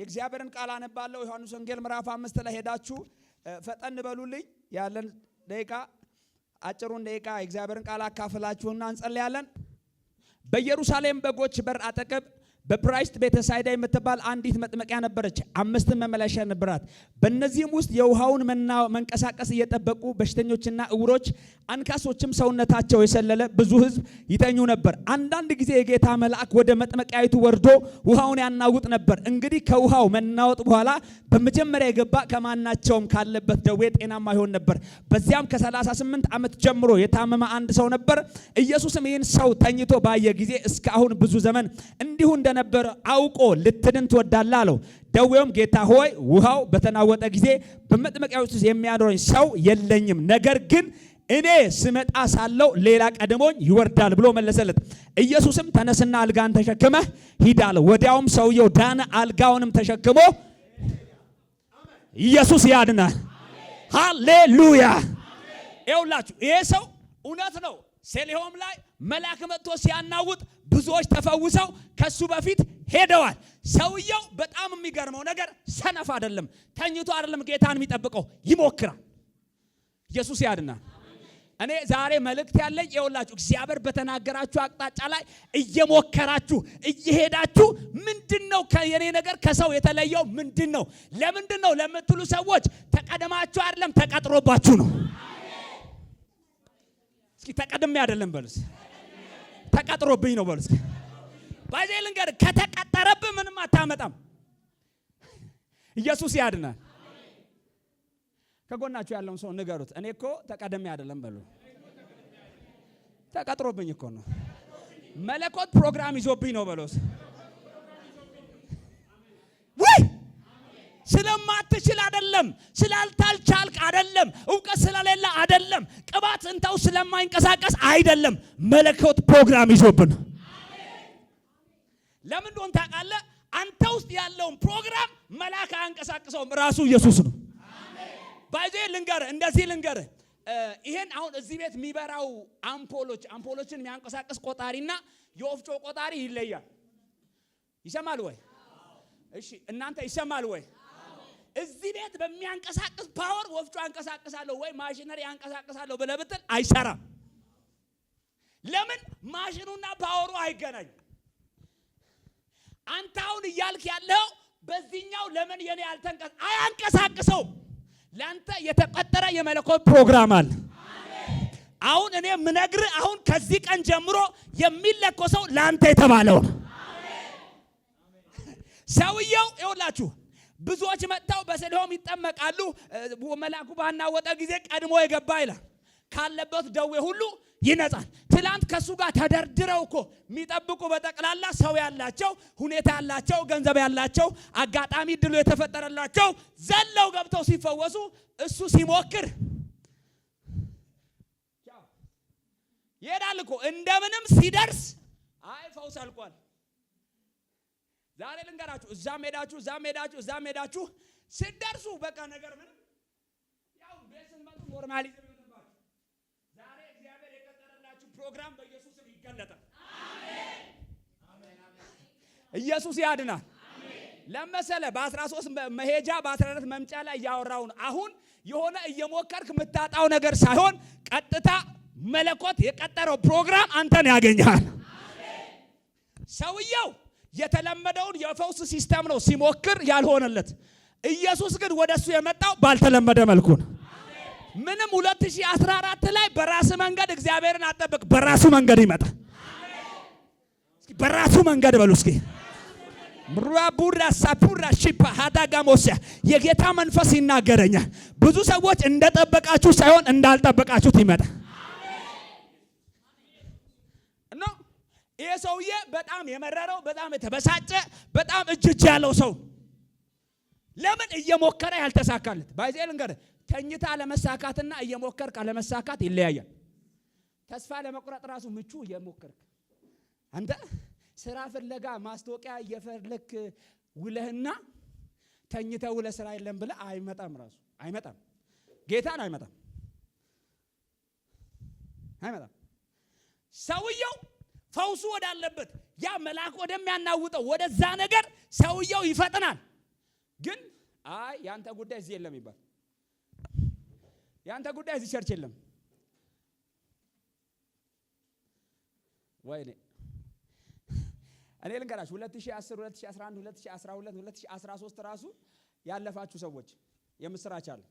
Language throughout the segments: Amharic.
የእግዚአብሔርን ቃል አነባለሁ። ዮሐንስ ወንጌል ምዕራፍ አምስት ላይ ሄዳችሁ ፈጠን በሉልኝ። ያለን ደቂቃ አጭሩን ደቂቃ የእግዚአብሔርን ቃል አካፍላችሁና እንጸልያለን። በኢየሩሳሌም በጎች በር አጠገብ በፕራይስት ቤተሳይዳ የምትባል አንዲት መጥመቂያ ነበረች። አምስት መመለሻ ነበራት። በእነዚህም ውስጥ የውሃውን መንቀሳቀስ እየጠበቁ በሽተኞችና እውሮች፣ አንካሶችም ሰውነታቸው የሰለለ ብዙ ሕዝብ ይተኙ ነበር። አንዳንድ ጊዜ የጌታ መልአክ ወደ መጥመቂያይቱ ወርዶ ውሃውን ያናውጥ ነበር። እንግዲህ ከውሃው መናወጥ በኋላ በመጀመሪያ የገባ ከማናቸውም ካለበት ደዌ ጤናማ ይሆን ነበር። በዚያም ከ38 ዓመት ጀምሮ የታመመ አንድ ሰው ነበር። ኢየሱስም ይህን ሰው ተኝቶ ባየ ጊዜ እስካሁን ብዙ ዘመን እንዲሁ እንደ እንደነበረ አውቆ ልትድን ትወዳለህ አለው። ደዌውም ጌታ ሆይ ውሃው በተናወጠ ጊዜ በመጥመቂያው ውስጥ የሚያኖረኝ ሰው የለኝም፣ ነገር ግን እኔ ስመጣ ሳለው ሌላ ቀድሞኝ ይወርዳል ብሎ መለሰለት። ኢየሱስም ተነስና አልጋን ተሸክመ ሂድ አለው። ወዲያውም ሰውየው ዳነ፣ አልጋውንም ተሸክሞ ኢየሱስ ያድናል። ሃሌሉያ! ይኸውላችሁ ይሄ ሰው እውነት ነው። ሴሊሆም ላይ መልአክ መጥቶ ሲያናውጥ ብዙዎች ተፈውሰው ከሱ በፊት ሄደዋል። ሰውየው በጣም የሚገርመው ነገር ሰነፍ አይደለም፣ ተኝቶ አይደለም ጌታን የሚጠብቀው ይሞክራል። ኢየሱስ ያድናል። እኔ ዛሬ መልእክት ያለኝ የውላችሁ እግዚአብሔር በተናገራችሁ አቅጣጫ ላይ እየሞከራችሁ እየሄዳችሁ ምንድን ነው የኔ ነገር ከሰው የተለየው ምንድን ነው ለምንድን ነው ለምትሉ ሰዎች ተቀድማችሁ አይደለም ተቀጥሮባችሁ ነው። እስኪ ተቀድሜ አይደለም በሉስ ተቀጥሮብኝ ነው በሉስ። ባይዜ ልንገር፣ ከተቀጠረብ ምንም አታመጣም። ኢየሱስ ያድናል። ከጎናችሁ ያለውን ሰው ንገሩት፣ እኔ እኮ ተቀደሜ አይደለም በሉ። ተቀጥሮብኝ እኮ ነው መለኮት ፕሮግራም ይዞብኝ ነው በሉ። ስለማትችል አደለም፣ ስላልታልቻልክ አደለም፣ እውቀት ስለሌለ አደለም፣ ቅባት እንታው ስለማይንቀሳቀስ አይደለም። መለኮት ፕሮግራም ይዞብን ለምን እንደሆነ ታውቃለህ? አንተ ውስጥ ያለውን ፕሮግራም መልአክ አያንቀሳቅሰውም፣ ራሱ ኢየሱስ ነው። ባይዜ ልንገርህ፣ እንደዚህ ልንገርህ ይሄን አሁን እዚህ ቤት የሚበራው አምፖሎች አምፖሎችን የሚያንቀሳቅስ ቆጣሪና የወፍጮ ቆጣሪ ይለያል። ይሰማል ወይ? እሺ፣ እናንተ ይሰማል ወይ? እዚህ ቤት በሚያንቀሳቅስ ፓወር ወፍጮ አንቀሳቅሳለሁ ወይ ማሽነሪ አንቀሳቅሳለሁ ብለህ ብትል አይሰራም። ለምን? ማሽኑና ፓወሩ አይገናኝም። አንተ አሁን እያልክ ያለው በዚህኛው ለምን የኔ ያልተንቀሳ አያንቀሳቅሰው። ለአንተ የተቀጠረ የመለኮት ፕሮግራም አለ። አሁን እኔ ምነግር አሁን ከዚህ ቀን ጀምሮ የሚለኮሰው ለአንተ የተባለው ነው። ሰውየው ይኸውላችሁ ብዙዎች መጥተው በሰዶም ይጠመቃሉ። መላኩ ባናወጠ ጊዜ ቀድሞ የገባ ይላል ካለበት ደዌ ሁሉ ይነጻል። ትላንት ከእሱ ጋር ተደርድረው እኮ የሚጠብቁ በጠቅላላ ሰው ያላቸው፣ ሁኔታ ያላቸው፣ ገንዘብ ያላቸው፣ አጋጣሚ ድሎ የተፈጠረላቸው ዘለው ገብተው ሲፈወሱ እሱ ሲሞክር ይሄዳል እኮ እንደምንም ሲደርስ አይ ፈውስ አልቋል ዛሬ ልንገራችሁ፣ እዛም ሄዳችሁ እዛም ሄዳችሁ እዛም ሄዳችሁ ስደርሱ በቃ ነገር ምንም ያው ቤስን መጡ ኖርማሊዝም ይሆንባችሁ። ዛሬ እግዚአብሔር የቀጠረላችሁ ፕሮግራም በኢየሱስ ይገለጣል። ኢየሱስ ያድናል። ለመሰለ በ13 መሄጃ በ14 መምጫ ላይ እያወራውን አሁን የሆነ እየሞከርክ የምታጣው ነገር ሳይሆን ቀጥታ መለኮት የቀጠረው ፕሮግራም አንተን ያገኛል። ሰውየው የተለመደውን የፈውስ ሲስተም ነው ሲሞክር ያልሆነለት። ኢየሱስ ግን ወደሱ የመጣው ባልተለመደ መልኩ ነው። ምንም 2014 ላይ በራስ መንገድ እግዚአብሔርን አጠብቅ፣ በራሱ መንገድ ይመጣል። በራሱ መንገድ በሉ እስኪ ራቡራ ሳፑራ ሺፓ ሀዳጋሞሲያ የጌታ መንፈስ ይናገረኛል። ብዙ ሰዎች እንደጠበቃችሁ ሳይሆን እንዳልጠበቃችሁት ይመጣል። ይሄ ሰውዬ በጣም የመረረው በጣም የተበሳጨ በጣም እጅ እጅ ያለው ሰው ለምን እየሞከረ ያልተሳካለት ባይዜል እንገር ተኝታ ለመሳካትና እየሞከርክ አለመሳካት ይለያያል። ተስፋ ለመቁረጥ ራሱ ምቹ እየሞከርክ አንተ ስራ ፍለጋ ማስታወቂያ እየፈለክ ውለህና ተኝተ ውለ ስራ የለም ብለህ አይመጣም። ራሱ አይመጣም። ጌታን አይመጣም አይመጣም ሰውየው ፈውሱ ወዳለበት ያ መልአክ ወደሚያናውጠው ወደዛ ነገር ሰውየው ይፈጥናል። ግን አይ ያንተ ጉዳይ እዚህ የለም ይባል፣ ያንተ ጉዳይ እዚህ ቸርች የለም። ወይኔ እኔ ልንገራችሁ 2010 2011 2012 2013 ራሱ ያለፋችሁ ሰዎች የምስራች አለ።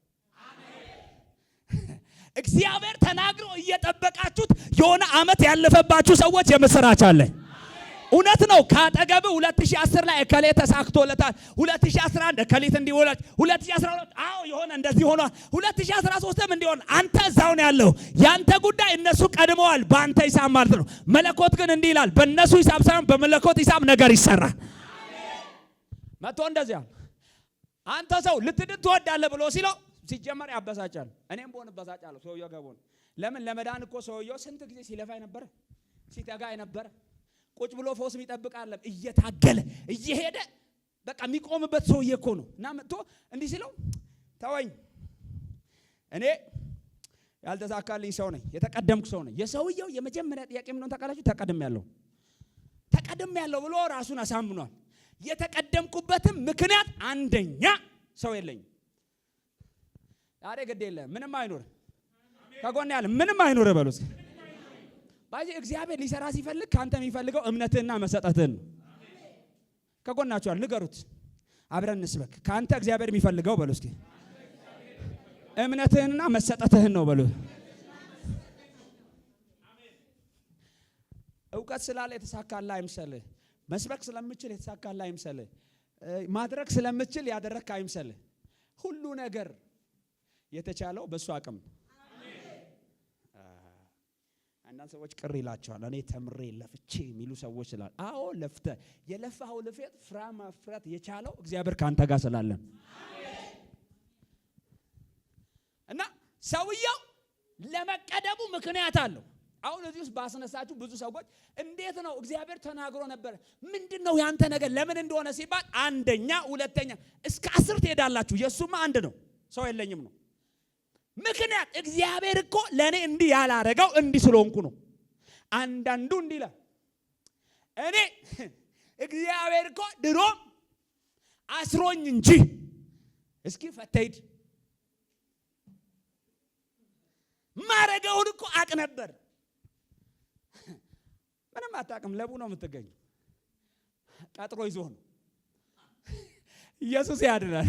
እግዚአብሔር ተናግሮ እየጠበቃችሁት የሆነ አመት ያለፈባችሁ ሰዎች የምስራች አለ። እውነት ነው። ካጠገብ 2010 ላይ እከሌ ተሳክቶለታል፣ 2011 እከሌት እንዲወላች፣ 2012 አዎ የሆነ እንደዚህ ሆኗል፣ 2013ም እንዲሆን አንተ እዛው ነው ያለው። ያንተ ጉዳይ እነሱ ቀድመዋል፣ በአንተ ሂሳብ ማለት ነው። መለኮት ግን እንዲህ ይላል፣ በእነሱ ሂሳብ ሳይሆን በመለኮት ሂሳብ ነገር ይሰራል። መጥቶ እንደዚያ አንተ ሰው ልትድን ትወዳለህ ብሎ ሲለው ሲጀመር ያበሳጫል። እኔም በሆን እበሳጫለሁ። ሰውየው ገቦን ለምን ለመዳን እኮ ሰውየው ስንት ጊዜ ሲለፋ ነበረ፣ ሲተጋ ነበረ። ቁጭ ብሎ ፎስ የሚጠብቅ አለም እየታገለ እየሄደ በቃ የሚቆምበት ሰውዬ እኮ ነው። እና መጥቶ እንዲህ ሲለው ተወኝ፣ እኔ ያልተሳካልኝ ሰው ነኝ፣ የተቀደምኩ ሰው ነኝ። የሰውየው የመጀመሪያ ጥያቄ ምንሆን እንደሆነ ታውቃላችሁ? ተቀድም ያለው ተቀድም ያለው ብሎ ራሱን አሳምኗል። የተቀደምኩበትም ምክንያት አንደኛ ሰው የለኝም ዛሬ ግድ የለም ምንም አይኖር፣ ከጎን ያለ ምንም አይኖር በሉ እስኪ። እግዚአብሔር ሊሰራ ሲፈልግ ከአንተ የሚፈልገው እምነትህና መሰጠትህን ነው። ከጎናቸዋል ንገሩት፣ አብረን እንስበክ። ከአንተ እግዚአብሔር የሚፈልገው በሉ እስኪ እምነትህንና መሰጠትህን ነው በሉ። እውቀት ስላለ የተሳካልህ አይምሰልህ። መስበክ ስለምችል የተሳካልህ አይምሰልህ። ማድረግ ስለምችል ያደረግህ አይምሰልህ። ሁሉ ነገር የተቻለው በእሱ አቅም ነው። አንዳንድ ሰዎች ቅር ይላቸዋል። እኔ ተምሬ ለፍቼ የሚሉ ሰዎች ስላል። አዎ ለፍተ የለፋው ልፌት ፍራ ማፍራት የቻለው እግዚአብሔር ከአንተ ጋር ስላለን እና ሰውየው ለመቀደሙ ምክንያት አለው። አሁን እዚህ ውስጥ ባስነሳችሁ ብዙ ሰዎች እንዴት ነው እግዚአብሔር ተናግሮ ነበር ምንድን ነው ያንተ ነገር ለምን እንደሆነ ሲባል አንደኛ፣ ሁለተኛ እስከ አስር ትሄዳላችሁ። የእሱማ አንድ ነው ሰው የለኝም ነው ምክንያት እግዚአብሔር እኮ ለእኔ እንዲህ ያላረገው እንዲህ ስለሆንኩ ነው። አንዳንዱ እንዲህ ይላል፣ እኔ እግዚአብሔር እኮ ድሮም አስሮኝ እንጂ እስኪ ፈተይድ ማረገውን እኮ አቅ ነበር። ምንም አታውቅም። ለቡ ነው የምትገኙ። ቀጥሮ ይዞ ነው ኢየሱስ ያድናል።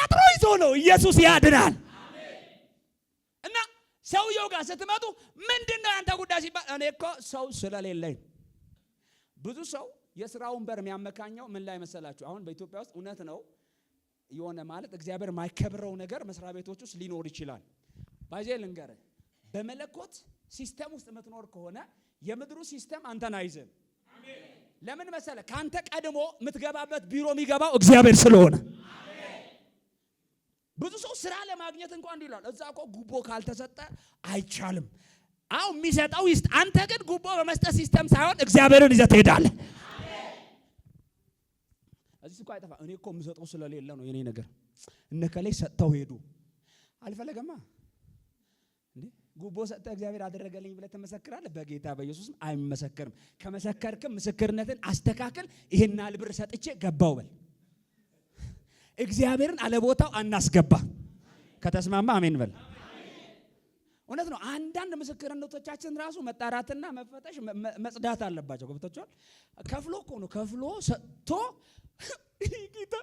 ቀጥሮ ይዞ ነው ኢየሱስ ያድናል። ሰውየው ጋር ስትመጡ ምንድን ነው ያንተ ጉዳይ ሲባል እኔ እኮ ሰው ስለሌለኝ። ብዙ ሰው የስራውን በር የሚያመካኘው ምን ላይ መሰላችሁ? አሁን በኢትዮጵያ ውስጥ እውነት ነው የሆነ ማለት እግዚአብሔር የማይከብረው ነገር መስሪያ ቤቶች ውስጥ ሊኖር ይችላል። ባይዜ ልንገርህ፣ በመለኮት ሲስተም ውስጥ የምትኖር ከሆነ የምድሩ ሲስተም አንተን አይዝም። ለምን መሰለ? ከአንተ ቀድሞ የምትገባበት ቢሮ የሚገባው እግዚአብሔር ስለሆነ ብዙ ሰው ስራ ለማግኘት እንኳን ይላል እዛ እኮ ጉቦ ካልተሰጠ አይቻልም። አው የሚሰጠው ይስጥ። አንተ ግን ጉቦ በመስጠት ሲስተም ሳይሆን እግዚአብሔርን ይዘህ ትሄዳለህ። እዚህ እኮ አይጠፋ። እኔ እኮ የምሰጠው ስለሌለ ነው የኔ ነገር። እነከላይ ሰጥተው ሄዱ። አልፈለገማ ጉቦ ሰጠ እግዚአብሔር አደረገልኝ ብለህ ትመሰክራለህ። በጌታ በኢየሱስም አይመሰክርም። ከመሰከርክም ምስክርነትን አስተካክል። ይሄን አልብር ሰጥቼ ገባው በል እግዚአብሔርን አለቦታው አናስገባ። ከተስማማ አሜን በል። እውነት ነው። አንዳንድ ምስክርነቶቻችን ራሱ መጣራትና መፈተሽ መጽዳት አለባቸው። ገብታችኋል? ከፍሎ እኮ ነው ከፍሎ ሰጥቶ ጌታ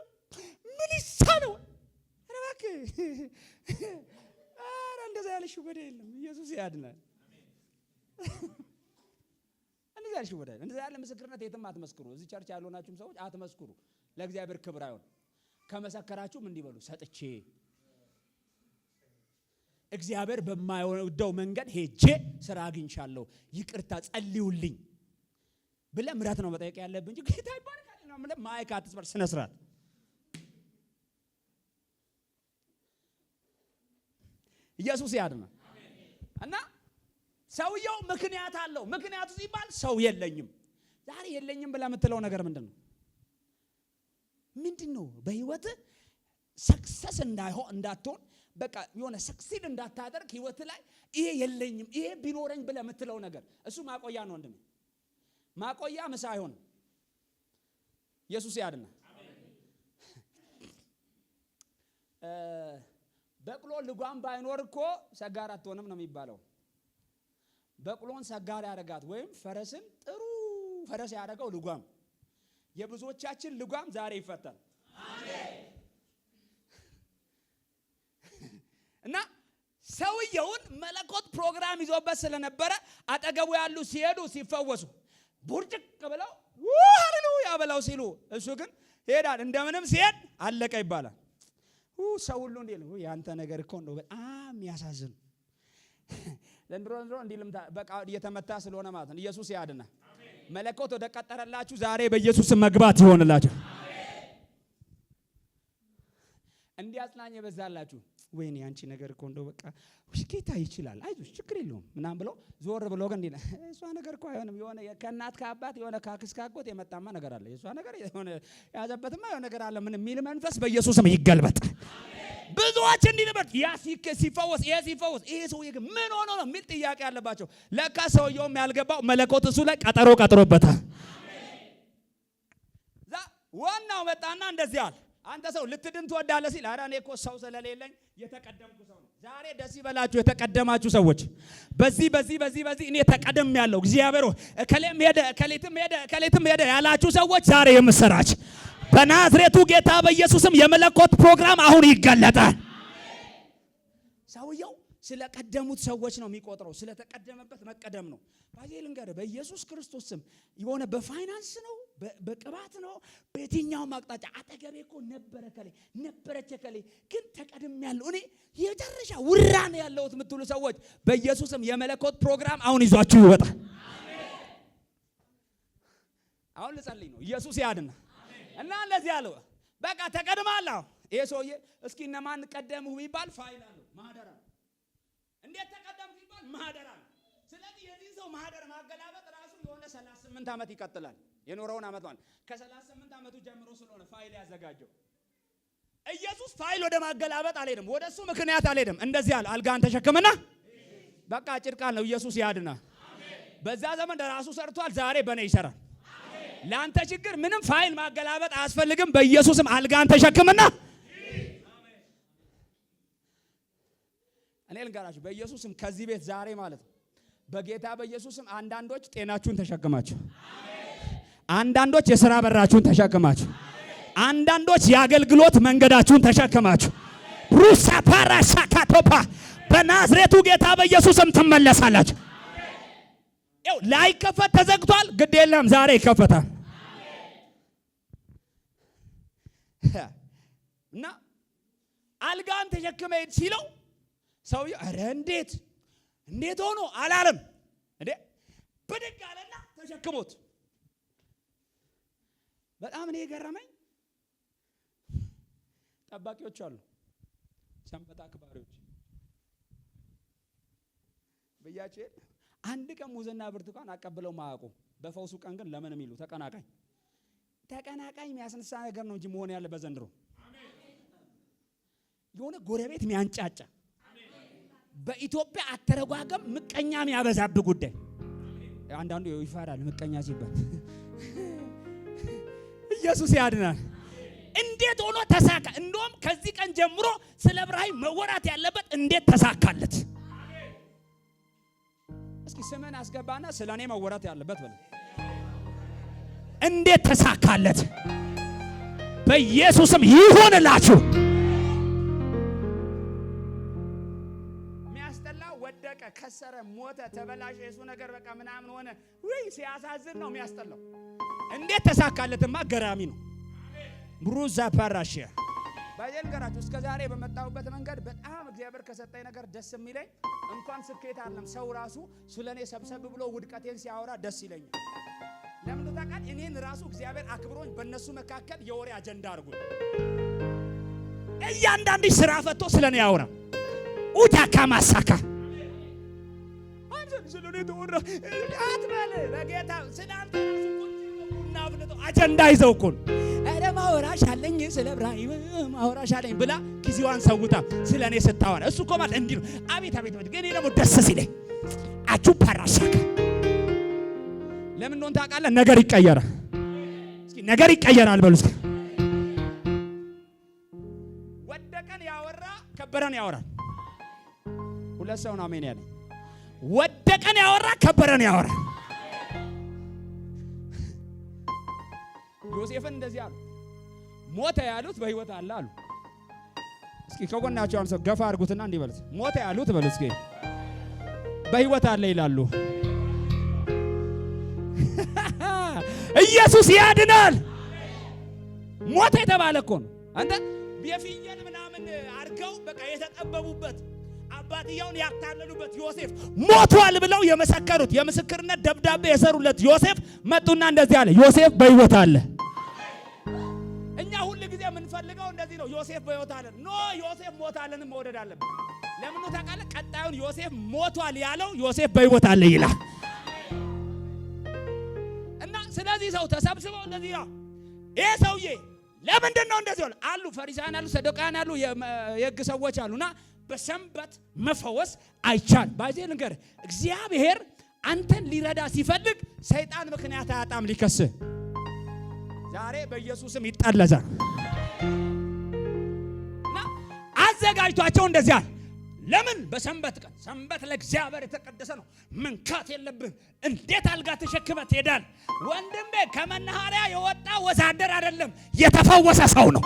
ምን ይሳ ነው ረባክ አረ እንደዛ ያለ ወደ የለም ኢየሱስ ያድናል። እንደዛ ያለ ወደ እንደዛ ያለ ምስክርነት የትም አትመስክሩ። እዚህ ቸርች ያልሆናችሁም ሰዎች አትመስክሩ። ለእግዚአብሔር ክብር አይሆን ከመሰከራችሁም እንዲበሉ ሰጥቼ እግዚአብሔር በማይወደው መንገድ ሄጄ ስራ አግኝቻለሁ፣ ይቅርታ ጸልዩልኝ ብለ ምረት ነው መጠየቅ ያለብህ እንጂ ጌታ ይባርካል ነው ማለት ማይክ አትስበር ስነ ስርዓት ኢየሱስ ያድና እና ሰውየው ምክንያት አለው። ምክንያቱ ሲባል ሰው የለኝም ዛሬ የለኝም ብለ የምትለው ነገር ምንድን ነው? ምንድን ነው በህይወት ሰክሰስ እንዳይሆን እንዳትሆን በቃ የሆነ ሰክሲድ እንዳታደርግ ህይወት ላይ ይሄ የለኝም ይሄ ቢኖረኝ ብለህ የምትለው ነገር እሱ ማቆያ ነው። ወንድሜ ማቆያ ምሳ አይሆንም። ኢየሱስ ያድና። በቅሎ ልጓም ባይኖር እኮ ሰጋር አትሆንም ነው የሚባለው። በቅሎን ሰጋር ያደርጋት ወይም ፈረስን ጥሩ ፈረስ ያደረገው ልጓም የብዙዎቻችን ልጓም ዛሬ ይፈታል እና ሰውየውን መለኮት ፕሮግራም ይዞበት ስለነበረ አጠገቡ ያሉ ሲሄዱ ሲፈወሱ ቡርጭቅ ብለው ሃሌሉያ ያበላው ሲሉ እሱ ግን ይሄዳል። እንደምንም ሲሄድ አለቀ ይባላል። ሰው ሁሉ እንዲ ያንተ ነገር እኮ ነው በጣም ያሳዝን ዘንድሮ ዘንድሮ እንዲ በቃ እየተመታ ስለሆነ ማለት ነው ኢየሱስ ያድና መለኮት ወደ ቀጠረላችሁ ዛሬ በኢየሱስ መግባት ይሆንላችሁ። እንዲህ አጽናኝ የበዛላችሁ ወይኔ አንቺ ነገር እኮ እንደው በቃ ጌታ ይችላል፣ አይዞሽ ችግር የለውም ምናም ብሎ ዞር ብሎ ግን እንዲህ እሷ ነገር እኮ አይሆንም። የሆነ ከእናት ከአባት የሆነ ካክስ ካጎት የመጣማ ነገር አለ። የእሷ ነገር የሆነ ያዘበትማ የሆነ ነገር አለ። ምን የሚል መንፈስ በኢየሱስም ይገልበጥ። ብዙዎች እንዲህ ያ ሲፈወስ፣ ይሄ ሲፈወስ፣ ይሄ ሰው ግን ምን ሆኖ ነው የሚል ጥያቄ አለባቸው። ለካ ሰውየውም ያልገባው መለኮት እሱ ላይ ቀጠሮ ቀጥሮበታል። ዋናው መጣና እንደዚህ አለ አንተ ሰው ልትድን ትወዳለህ ሲል ኧረ እኔ እኮ ሰው ስለሌለኝ የተቀደምኩ ሰው ነው። ዛሬ ደስ ይበላችሁ የተቀደማችሁ ሰዎች፣ በዚህ በዚህ በዚህ በዚህ እኔ ተቀደም ያለው እግዚአብሔር እከሌም ሄደ እከሌትም ሄደ እከሌትም ሄደ ያላችሁ ሰዎች ዛሬ የምሰራች በናዝሬቱ ጌታ በኢየሱስም የመለኮት ፕሮግራም አሁን ይገለጣል። ሰውየው ስለቀደሙት ሰዎች ነው የሚቆጥረው። ስለተቀደመበት መቀደም ነው ባዜ ልንገር በኢየሱስ ክርስቶስ ስም የሆነ በፋይናንስ ነው በቅባት ነው። በየትኛውም አቅጣጫ አጠገቤ እኮ ነበረ ከሌ ነበረች ከሌ ግን ተቀድሜ ያለው እኔ የደረሻ ውራ ነው ያለሁት የምትሉ ሰዎች በኢየሱስም የመለኮት ፕሮግራም አሁን ይዟችሁ ይወጣል። አሁን ልጸልይ ነው ኢየሱስ ያድና እና እንደዚህ ያለው በቃ ተቀድማለሁ። ይሄ ሰውዬ እስኪ እነማን ቀደምሁ ቢባል ፋይል አለው ማደራ እንዴት ተቀደም ቢባል ማደራ ስለዚህ የዚህ ሰው ማህደር ማገላበጥ ራሱ የሆነ 38 ዓመት ይቀጥላል። የኖረውን አመት ማለት ከ38 ዓመቱ ጀምሮ ስለሆነ ፋይል ያዘጋጀው ኢየሱስ ፋይል ወደ ማገላበጥ አልሄድም። ወደ እሱ ምክንያት አልሄድም። እንደዚህ አለ፣ አልጋን ተሸክምና በቃ ጭድ ነው። ኢየሱስ ያድና። በዛ ዘመን ለራሱ ሰርቷል፣ ዛሬ በእኔ ይሰራል። ለአንተ ችግር ምንም ፋይል ማገላበጥ አያስፈልግም። በኢየሱስም አልጋን ተሸክምና እኔ ልንገራችሁ በኢየሱስም ከዚህ ቤት ዛሬ ማለት ነው በጌታ በኢየሱስም አንዳንዶች ጤናችሁን ተሸክማችሁ አንዳንዶች የሥራ በራችሁን ተሸክማችሁ፣ አንዳንዶች የአገልግሎት መንገዳችሁን ተሸክማችሁ ሩሳ ፓራ ካቶፓ በናዝሬቱ ጌታ በኢየሱስም ትመለሳላችሁ። ይኸው ላይከፈት ተዘግቷል። ግድ የለም ዛሬ ይከፈታል። እና አልጋን ተሸክመ ሄድ ሲለው ሰውዬው ኧረ እንዴት እንዴት ሆኖ አላለም እንዴ? ብድግ አለና ተሸክሞት በጣም እኔ የገረመኝ ጠባቂዎች አሉ፣ ሰንበት አክባሪዎች ብያቸው አንድ ቀን ሙዝና ብርቱካን አቀብለው ማያውቁ በፈውሱ ቀን ግን ለምን የሚሉ ተቀናቃኝ ተቀናቃኝ የሚያስነሳ ነገር ነው እንጂ መሆን ያለ በዘንድሮ የሆነ ጎረቤት ሚያንጫጫ በኢትዮጵያ አተረጓገም ምቀኛ ሚያበዛብ ጉዳይ አንዳንዱ ይፈራል ምቀኛ ሲባል ኢየሱስ ያድናል። እንዴት ሆኖ ተሳካ? እንደውም ከዚህ ቀን ጀምሮ ስለ እብራሂም መወራት ያለበት እንዴት ተሳካለት። እስኪ ስምን አስገባና ስለ እኔ መወራት ያለበት በለ። እንዴት ተሳካለት? በኢየሱስም ይሆንላችሁ። ከሰረ፣ ሞተ፣ ተበላሸ፣ የሱ ነገር በቃ ምናምን ሆነ። ውይ ሲያሳዝን ነው የሚያስጠላው። እንዴት ተሳካለትማ ገራሚ ነው። ብሩ ባየን ባየልገራችሁ እስከ ዛሬ በመጣሁበት መንገድ በጣም እግዚአብሔር ከሰጠኝ ነገር ደስ የሚለኝ እንኳን ስኬት አለም ሰው ራሱ ስለኔ ሰብሰብ ብሎ ውድቀቴን ሲያወራ ደስ ይለኛል። ለምን ታውቃል? እኔን ራሱ እግዚአብሔር አክብሮኝ በእነሱ መካከል የወሬ አጀንዳ አድርጉ። እያንዳንዱ ስራ ፈቶ ስለኔ ያወራ ኡታካ ማሳካ ስለኔ ተወራ አትበል። በጌታ ስላንተ ቡና አፍልቶ አጀንዳ ይዘው እኮ ኧረ ማወራሽ አለኝ ስለ ብራሂም ማወራሽ አለኝ ብላ ጊዜዋን ሰውታ ስለ እኔ ስታወራ እሱ እኮ ማለት እንዲህ ነው። አቤት አቤት አቤት! ግን ደግሞ ደስ ሲለኝ አቹ ፓራሻካ ለምን እንደሆነ ታውቃለህ? ነገር ይቀየራል። እስኪ ነገር ይቀየራል በሉ እስኪ ወደቀን ያወራ ከበረን ያወራል። ሁለት ሰውን አሜን ያለኝ ወደቀን ያወራ ከበረን ያወራ። ዮሴፍን እንደዚህ አሉ። ሞተ ያሉት በህይወት አለ አሉ። እስኪ ከጎናቸው ሰው ገፋ አድርጉትና እንዲህ በሉት። ሞተ ያሉት በሉ እስኪ በህይወት አለ ይላሉ። ኢየሱስ ያድናል። ሞተ የተባለ እኮ ነው። አንተ የፍየል ምናምን አድርገው በቃ የተጠበቡበት አባትየውን ያታለሉበት ዮሴፍ ሞቷል ብለው የመሰከሩት የምስክርነት ደብዳቤ የሰሩለት ዮሴፍ መጡና እንደዚህ አለ፣ ዮሴፍ በሕይወት አለ። እኛ ሁል ጊዜ የምንፈልገው እንደዚህ ነው፣ ዮሴፍ በሕይወት አለ። ኖ ዮሴፍ ሞታለንም መውደድ አለብን። ለምኑ ታውቃለህ? ቀጣዩን ዮሴፍ ሞቷል ያለው ዮሴፍ በሕይወት አለ ይላል። እና ስለዚህ ሰው ተሰብስበው እንደዚህ ነው ይሄ ሰውዬ ለምንድን ነው እንደዚህ ሆነ? አሉ ፈሪሳውያን አሉ፣ ሰዶቃውያን አሉ፣ የሕግ ሰዎች አሉና በሰንበት መፈወስ አይቻል ባዜ ነገር እግዚአብሔር አንተን ሊረዳ ሲፈልግ ሰይጣን ምክንያት አያጣም ሊከስ ዛሬ በኢየሱስም ይጠለዛል። አዘጋጅቷቸው እንደዚያ ለምን በሰንበት ቀን ሰንበት ለእግዚአብሔር የተቀደሰ ነው፣ መንካት የለብህም። እንዴት አልጋ ተሸክመ ትሄዳል? ወንድሜ ከመናኸሪያ የወጣ ወዛደር አይደለም፣ የተፈወሰ ሰው ነው።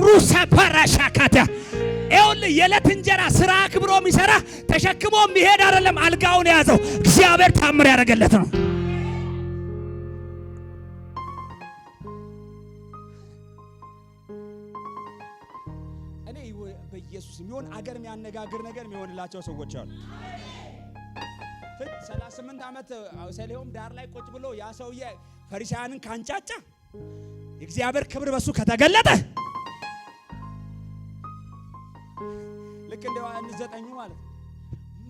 ብሩሳ ፓራሻ ካታ ኤውል የዕለት እንጀራ ስራ አክብሮ የሚሰራ ተሸክሞ የሚሄድ አይደለም። አልጋውን የያዘው እግዚአብሔር ታምር ያደረገለት ነው። እኔ በኢየሱስ የሚሆን አገር የሚያነጋግር ነገር የሚሆንላቸው ሰዎች አሉ። ሰላሳ ስምንት ዓመት ሰሊሆም ዳር ላይ ቁጭ ብሎ ያ ሰውዬ ፈሪሳውያንን ካንጫጫ የእግዚአብሔር ክብር በሱ ከተገለጠ ልክ እንደ ዮሐንስ ዘጠኙ ማለት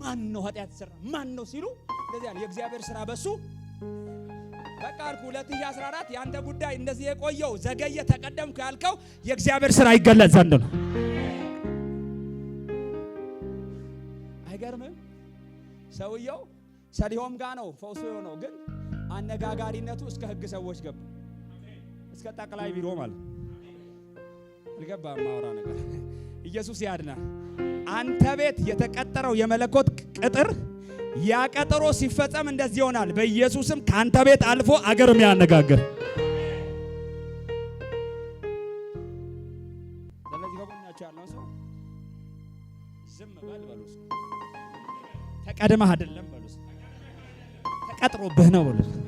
ማን ነው ኃጢአት ሰራ ማን ነው ሲሉ እንደዚህ ያለ የእግዚአብሔር ስራ በሱ በቃ አልኩ። 2014 የአንተ ጉዳይ እንደዚህ የቆየው ዘገየ፣ ተቀደምኩ ያልከው የእግዚአብሔር ስራ ይገለጽ ዘንድ ነው። አይገርምም? ሰውየው ሰሊሆም ጋ ነው ፈውሱ የሆነው፣ ግን አነጋጋሪነቱ እስከ ህግ ሰዎች ገባ፣ እስከ ጠቅላይ ቢሮ ማለት አልገባም። ማውራ ነገር ኢየሱስ ያድናል። አንተ ቤት የተቀጠረው የመለኮት ቅጥር ያ ቀጠሮ ሲፈጸም እንደዚህ ይሆናል። በኢየሱስም ከአንተ ቤት አልፎ አገር የሚያነጋግር ተቀድመህ አይደለም ተቀጥሮብህ ነው በሉት።